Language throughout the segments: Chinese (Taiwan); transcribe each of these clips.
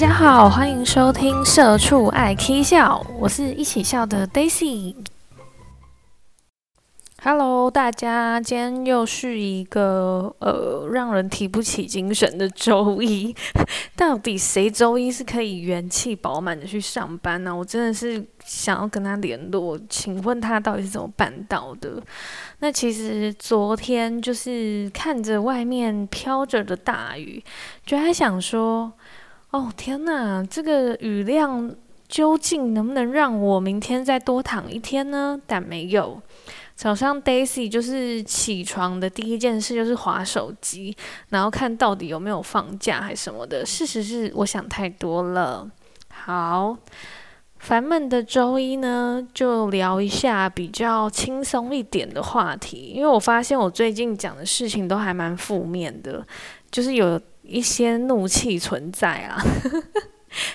大家好，歡迎收聽《社畜愛 K 笑》，我是一起笑的 Daisy。Hello，大家，今天又是一個呃讓人提不起精神的周一。 到底誰周一是可以元氣飽滿的去上班呢、啊？我真的是想要跟他聯絡，請問他到底是怎麼辦到的？那其實昨天就是看着外面飄着的大雨，就還想說。哦，天吶，這個雨量究竟能不能讓我明天再多躺一天呢？但沒有。早上 Daisy 就是起床的第一件事就是滑手機，然後看到底有沒有放假還是什麼的。事實是我想太多了。好，煩悶的周一呢，就聊一下比較輕鬆一點的話題，因為我發現我最近講的事情都還蠻負面的，就是有。一些怒氣存在啊，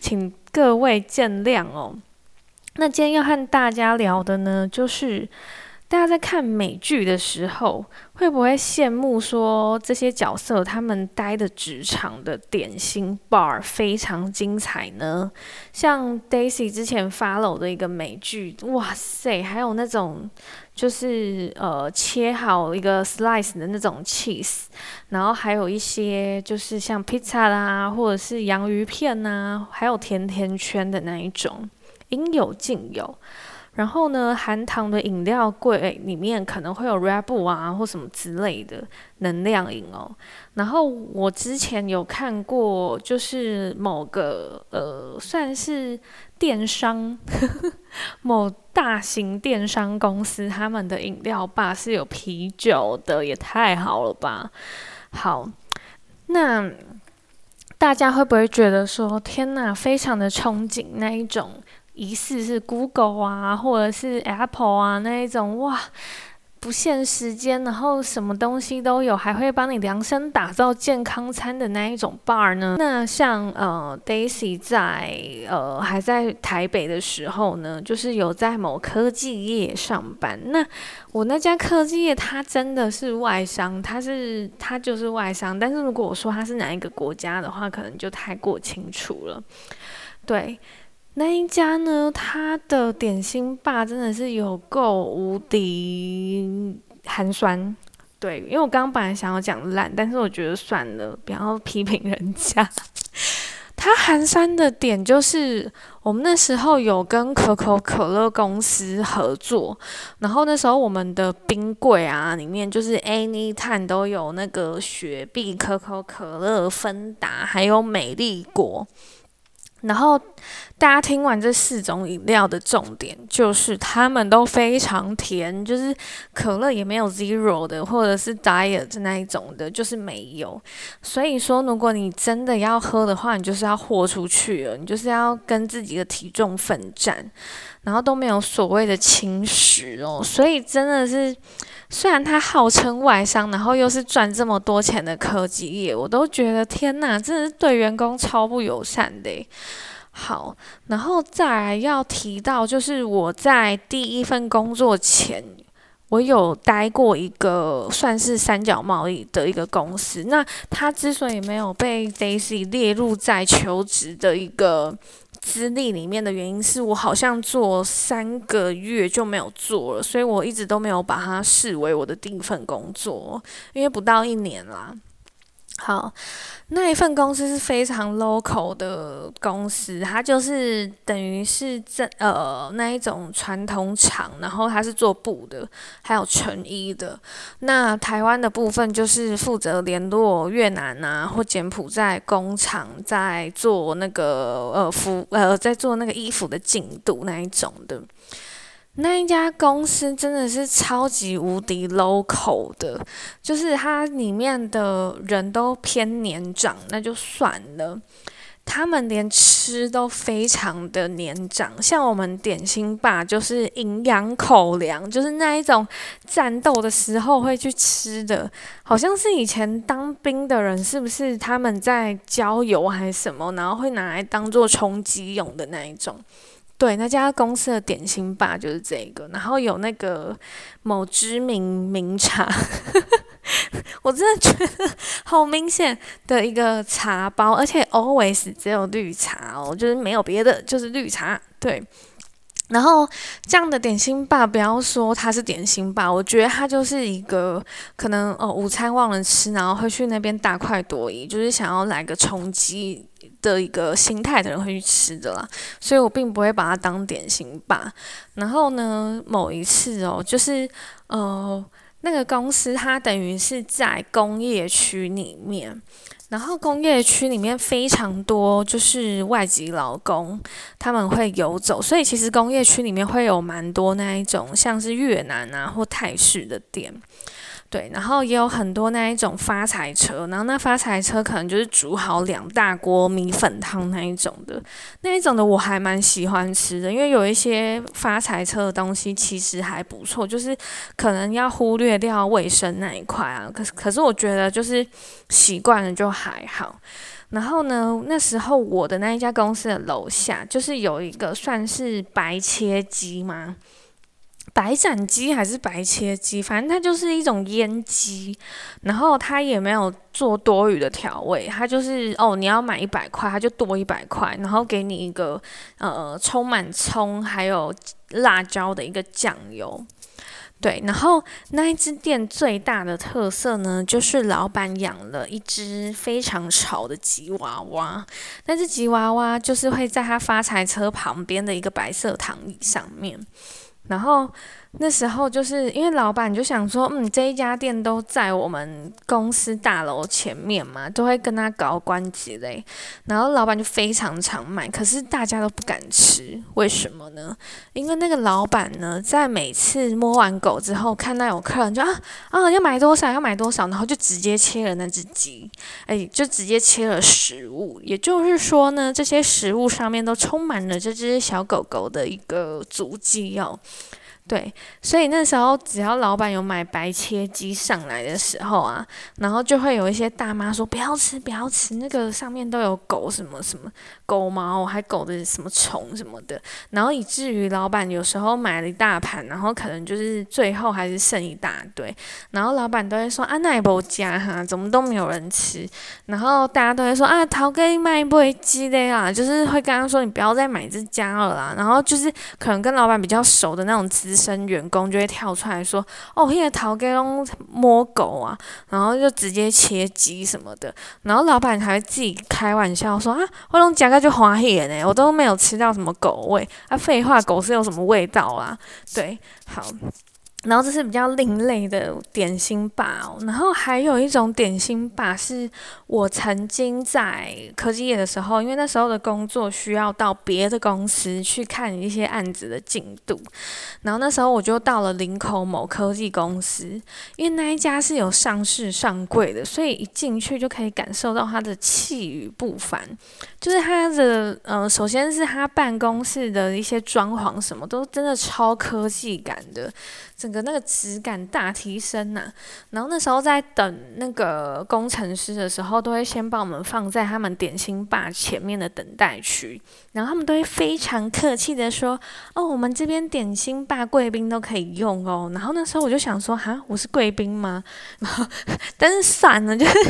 請各位見諒哦。那今天要和大家聊的呢，就是。大家在看美劇的時候，會不會羨慕說這些角色他們待的職場的點心 bar 非常精彩呢？像 Daisy 之前 follow 的一個美劇，哇塞！還有那種就是呃切好一個 slice 的那種 cheese，然後還有一些就是像 pizza 啦、啊，或者是洋芋片吶、啊，還有甜甜圈的那一種，應有盡有。然後呢，含糖的飲料櫃裡面可能會有 Red Bull 啊，或什麼之類的能量飲哦。然後我之前有看過，就是某個呃，算是電商呵呵，某大型電商公司他們的飲料吧是有啤酒的，也太好了吧？好，那大家會不會覺得說，天哪，非常的憧憬那一種？疑似是 Google 啊，或者是 Apple 啊那一種，哇，不限時間，然後什麼東西都有還會幫你量身打造健康餐的那一種 bar 呢？那像呃 Daisy 在呃還在台北的時候呢，就是有在某科技業上班。那我那家科技業，它真的是外商，它是它就是外商，但是如果我說它是哪一個國家的話，可能就太過清楚了。對。.那一家呢？它的點心 Bar 真的是有夠無敵寒酸。對，因為我剛本來想要講爛，但是我覺得算了，不要批評人家。 它寒酸的點就是，我們那時候有跟可口可樂公司合作，然後那時候我們的冰櫃啊，裡面就是 Anytime 都有那個雪碧、可口可樂、芬達，還有美麗果，然後。大家聽完這四種飲料的重點，就是它們都非常甜，就是可樂也沒有 zero 的，或者是 diet 那一種的，就是沒有。所以說，如果你真的要喝的話，你就是要豁出去了，你就是要跟自己的體重奮戰，然後都沒有所謂的輕食哦。所以真的是，雖然它號稱外商，然後又是賺這麼多錢的科技業，我都覺得天吶，真的是對員工超不友善的。好，然後再來要提到，就是我在第一份工作前，我有待過一個算是三角貿易的一個公司。那它之所以沒有被 Daisy 列入在求職的一個資歷裡面的原因，是我好像做三個月就沒有做了，所以我一直都沒有把它視為我的第一份工作，因為不到一年啦。好，那一份公司是非常 local 的公司，它就是等於是正呃，那一種傳統廠，然後它是做布的，還有成衣的。那台灣的部分就是負責聯絡越南吶、啊、或柬埔寨工廠，在做那個呃服呃，在做那個衣服的進度那一種的。那一家公司真的是超級無敵 local 的，就是他裡面的人都偏年長，那就算了。他們連吃都非常的年長，像我們點心吧，就是營養口糧，就是那一種戰鬥的時候會去吃的，好像是以前當兵的人，是不是他們在郊遊還是什麼，然後會拿來當做充飢用的那一種。對，那家公司的點心吧就是這個，然後有那個某知名名茶呵呵，我真的覺得好明顯的一個茶包，而且 always 只有綠茶哦，就是沒有別的，就是綠茶，對。然後這樣的點心 Bar，不要說它是點心 Bar，我覺得它就是一個可能哦，午餐忘了吃，然後會去那邊大快朵頤，就是想要來個衝擊的一個心態的人會去吃的啦。所以我並不會把它當點心 Bar。然後呢，某一次哦，就是呃，那個公司它等於是在工業區裡面。然後工業區裡面非常多，就是外籍勞工，他們會游走，所以其實工業區裡面會有蠻多那一種，像是越南啊或泰式的店。對，然後也有很多那一種發財車，然後那發財車可能就是煮好兩大鍋米粉湯那一種的，那一種的我還蠻喜歡吃的，因為有一些發財車的東西其實還不錯，就是可能要忽略掉衛生那一塊啊。可是可是我覺得就是習慣了就還好。然後呢，那時候我的那一家公司的樓下就是有一個算是白切雞嘛。白斬雞還是白切雞？反正它就是一種醃雞，然後它也沒有做多餘的調味，它就是哦，你要買一百塊，它就多一百塊，然後給你一個呃，充滿蔥還有辣椒的一個醬油。對，然後那一家店最大的特色呢，就是老闆養了一隻非常醜的吉娃娃，那隻吉娃娃就是會在他發財車旁邊的一個白色躺椅上面。然後。那時候就是因為老闆就想說，嗯，這一家店都在我們公司大樓前面嘛，都會跟他搞關係嘞。然後老闆就非常常買，可是大家都不敢吃，為什麼呢？因為那個老闆呢，在每次摸完狗之後，看到有客人就啊啊要買多少要買多少，然後就直接切了那隻雞，誒、哎，就直接切了食物。也就是說呢，這些食物上面都充滿了這隻小狗狗的一個足跡哦。對，所以那時候只要老闆有買白切雞上來的時候啊，然後就會有一些大媽說不要吃，不要吃，那個上面都有狗什麼什麼狗毛，還狗的什麼蟲什麼的。然後以至於老闆有時候買了一大盤，然後可能就是最後還是剩一大堆，然後老闆都會說啊，那也不加哈，怎麼都沒有人吃。然後大家都會說啊，桃哥你賣不雞的啊，就是會跟他說你不要再買這家了啦。然後就是可能跟老闆比較熟的那種資生員工就會跳出來說：“哦，那個頭家摸狗啊，然後就直接切雞什麼的。”然後老闆還自己開玩笑說：“啊，我攏食甲足歡喜咧，我都沒有吃到什麼狗味。”啊，廢話，狗是有什麼味道啊？對，好。然後這是比較另類的點心吧、哦。然後還有一種點心吧，是我曾經在科技業的時候，因為那時候的工作需要到別的公司去看一些案子的進度。然後那時候我就到了林口某科技公司，因為那一家是有上市上櫃的，所以一進去就可以感受到它的氣宇不凡。就是它的嗯、呃，首先是它辦公室的一些裝潢，什麼都真的超科技感的，整個。那個質感大提升吶、啊，然後那時候在等那個工程師的時候，都會先把我們放在他們點心吧前面的等待區，然後他們都會非常客氣地說：“哦，我們這邊點心吧，貴賓都可以用哦。”然後那時候我就想說：“哈，我是貴賓嗎？”然後，但是算了，就是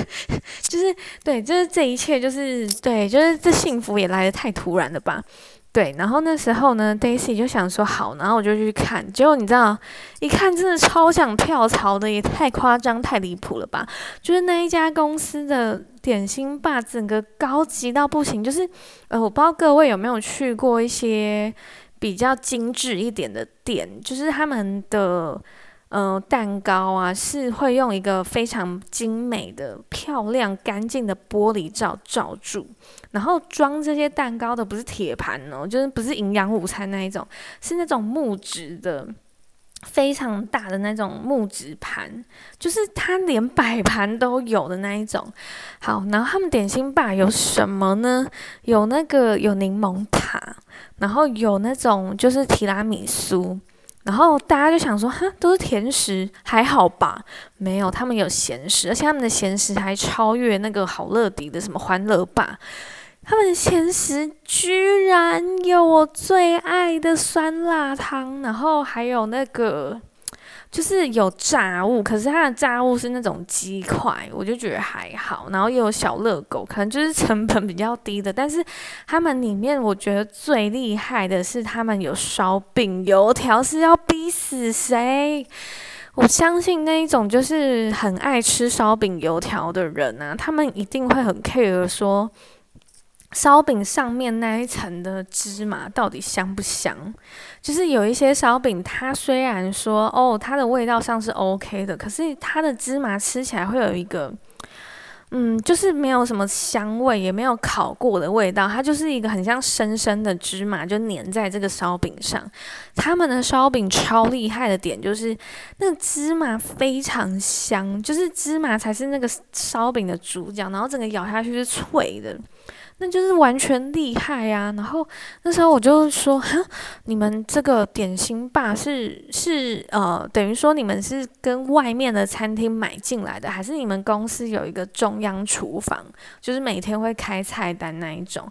就是對，就是這一切就是對，就是這幸福也來得太突然了吧。對，然後那時候呢，Daisy 就想說好，然後我就去看，結果你知道，一看真的超想跳槽的，也太誇張、太離譜了吧？就是那一家公司的點心 Bar，整個高級到不行。就是，呃，我不知道各位有沒有去過一些比較精緻一點的店，就是他們的，呃，蛋糕啊，是會用一個非常精美的、漂亮、乾淨的玻璃罩罩住。然後裝這些蛋糕的不是鐵盤哦，就是不是營養午餐那一種，是那種木質的，非常大的那種木質盤，就是它連擺盤都有的那一種。好，然後他們點心 Bar 有什麼呢？有那個有檸檬塔，然後有那種就是提拉米蘇，然後大家就想說哈，都是甜食還好吧？沒有，他們有鹹食，而且他們的鹹食還超越那個好樂迪的什麼歡樂吧。他們前十居然有我最愛的酸辣湯，然後還有那個就是有炸物，可是它的炸物是那種雞塊，我就覺得還好。然後也有小熱狗，可能就是成本比較低的。但是他們裡面，我覺得最厲害的是他們有燒餅、油條，是要逼死誰？我相信那一種就是很愛吃燒餅、油條的人啊，他們一定會很 care 說。燒餅上面那一層的芝麻到底香不香？就是有一些燒餅，它雖然說哦，它的味道上是 OK 的，可是它的芝麻吃起來會有一個。嗯，就是沒有什麼香味，也沒有烤過的味道，它就是一個很像生生的芝麻就粘在這個燒餅上。他們的燒餅超厲害的點就是那個芝麻非常香，就是芝麻才是那個燒餅的主角，然後整個咬下去是脆的，那就是完全厲害呀、啊。然後那時候我就說，哼，你們這個點心 Bar 是是呃，等於說你們是跟外面的餐廳買進來的，還是你們公司有一個重中央廚房就是每天會開菜單那一種，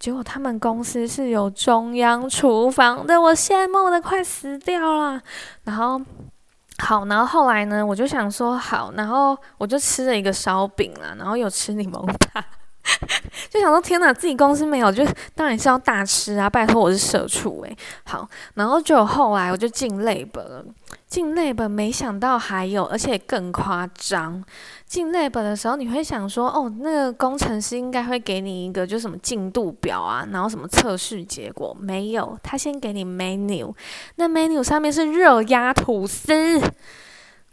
結果他們公司是有中央廚房的，我羨慕的快死掉了。然後，好，然後後來呢，我就想說好，然後我就吃了一個燒餅了、啊，然後有吃檸檬撻。 就想說天吶，啊，自己公司沒有，就當然是要大吃啊！拜托，我是社畜誒。好，然後就後來我就進 lab 了，進 lab 沒想到還有，而且更誇張。進 lab 的時候，你會想說哦，那個工程師應該會給你一個就是什麼進度表啊，然後什麼測試結果沒有，他先給你 menu，那 menu 上面是熱壓吐司，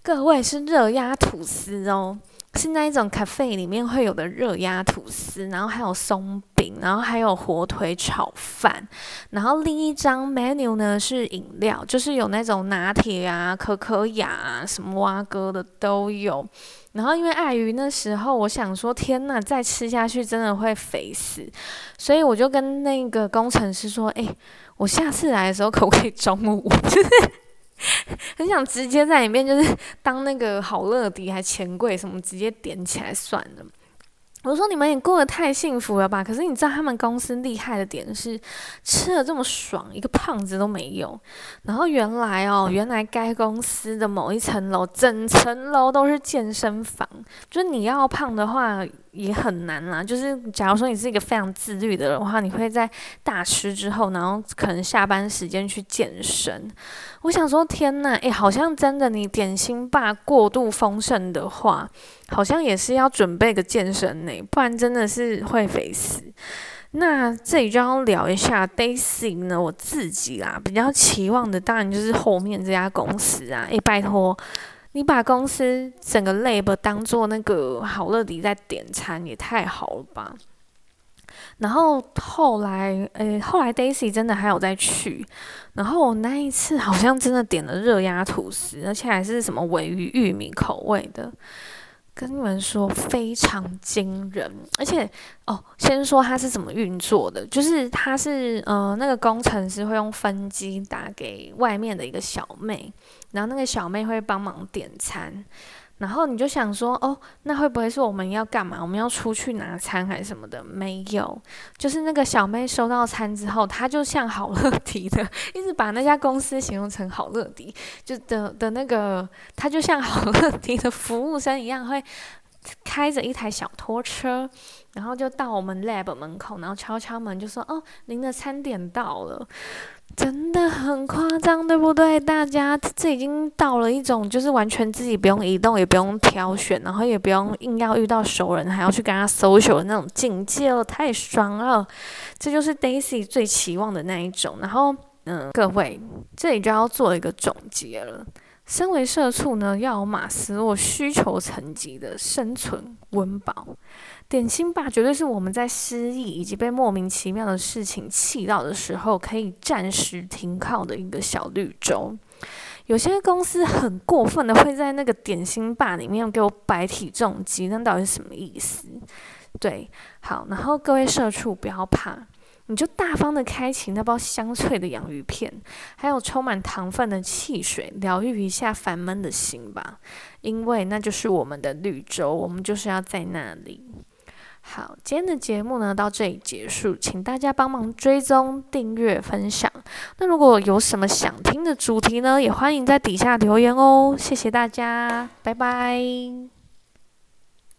各位是熱壓吐司哦。是那一種 cafe 裡面會有的熱壓吐司，然後還有鬆餅，然後還有火腿炒飯，然後另一張 menu 呢是飲料，就是有那種拿鐵啊、可可亞啊什麼挖哥的都有。然後因為礙於那時候，我想說天吶，再吃下去真的會肥死，所以我就跟那個工程師說，哎、欸，我下次來的時候可不可以中午？ 很想直接在裡面就是當那個好樂迪還錢櫃什麼直接點起來算了。我說你們也過得太幸福了吧？可是你知道他們公司厲害的點是吃了這麼爽一個胖子都沒有。然後原來哦，原來該公司的某一層樓整層樓都是健身房，就是你要胖的話，也很難啦、啊，就是假如說你是一個非常自律的人的話，你會在大吃之後，然後可能下班時間去健身。我想說，天吶，哎、欸，好像真的，你點心 Bar 過度豐盛的話，好像也是要準備個健身呢、欸，不然真的是會肥死。那這裡就要聊一下 Daisy 呢，我自己啦、啊，比較期望的當然就是後面這家公司啊，哎、欸，拜託。你把公司整個 lab 當做那個好樂迪在點餐，也太好了吧！然後後來，誒，後來 Daisy 真的還有再去，然後我那一次好像真的點了熱壓吐司，而且還是什麼鮪魚玉米口味的。跟你們說，非常驚人，而且哦，先說它是怎麼運作的，就是它是嗯、呃，那個工程師會用分機打給外面的一個小妹，然後那個小妹會幫忙點餐。然後你就想說，哦，那會不會是我們要幹嘛？我們要出去拿餐還是什麼的？沒有，就是那個小妹收到餐之後，她就像好樂迪的，一直把那家公司形容成好樂迪，就的的那個，她就像好樂迪的服務生一樣，會開着一台小拖車，然後就到我們 lab 門口，然後敲敲門，就說，哦，您的餐點到了。真的很誇張，對不對？大家，這已經到了一種，就是完全自己不用移動，也不用挑選，然後也不用硬要遇到熟人，還要去跟他 social 的那種境界了，太爽了！這就是 Daisy 最期望的那一種。然後，嗯，各位，這裡就要做一個總結了。身為社畜呢，要有馬斯洛需求層級的生存溫飽。點心吧，絕對是我們在失意以及被莫名其妙的事情氣到的時候，可以暫時停靠的一個小綠洲。有些公司很過分的會在那個點心吧裡面給我擺體重機，那到底是什麼意思？對，好，然後各位社畜不要怕，你就大方的開啟那包香脆的洋芋片，還有充滿糖分的汽水，療癒一下煩悶的心吧，因為那就是我們的綠洲，我們就是要在那裡。好，今天的節目呢，到這裡結束，請大家幫忙追蹤、訂閱、分享。那如果有什麼想聽的主題呢，也歡迎在底下留言哦。謝謝大家，拜拜。